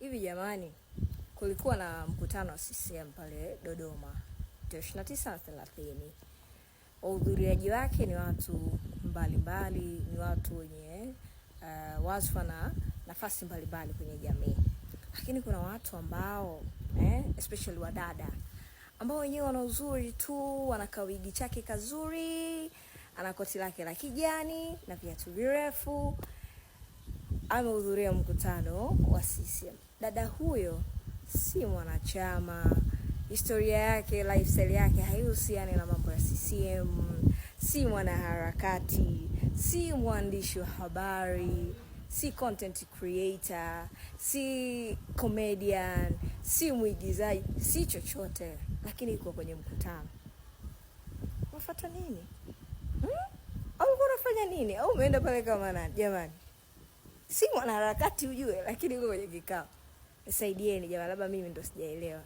Hivi jamani, kulikuwa na mkutano wa CCM pale Dodoma tarehe 29 na 30. Wahudhuriaji wake ni watu mbalimbali mbali, ni watu wenye uh, eh, wazifa na nafasi mbalimbali kwenye jamii, lakini kuna watu ambao eh, especially wadada ambao wenyewe wana uzuri tu, wana kawigi chake kazuri, ana koti lake la kijani na viatu virefu. Amehudhuria mkutano wa CCM dada huyo si mwanachama, historia yake, lifestyle yake haihusiani na mambo ya CCM, si mwanaharakati, si mwandishi wa habari, si content creator, si comedian, si mwigizaji, si chochote, lakini yuko kwenye mkutano. Unafuata nini hmm? Au unafanya nini? Au umeenda pale kama nani? Jamani, si mwanaharakati ujue, lakini uko kwenye kikao. Nisaidieni jamaa, labda mimi ndo sijaelewa.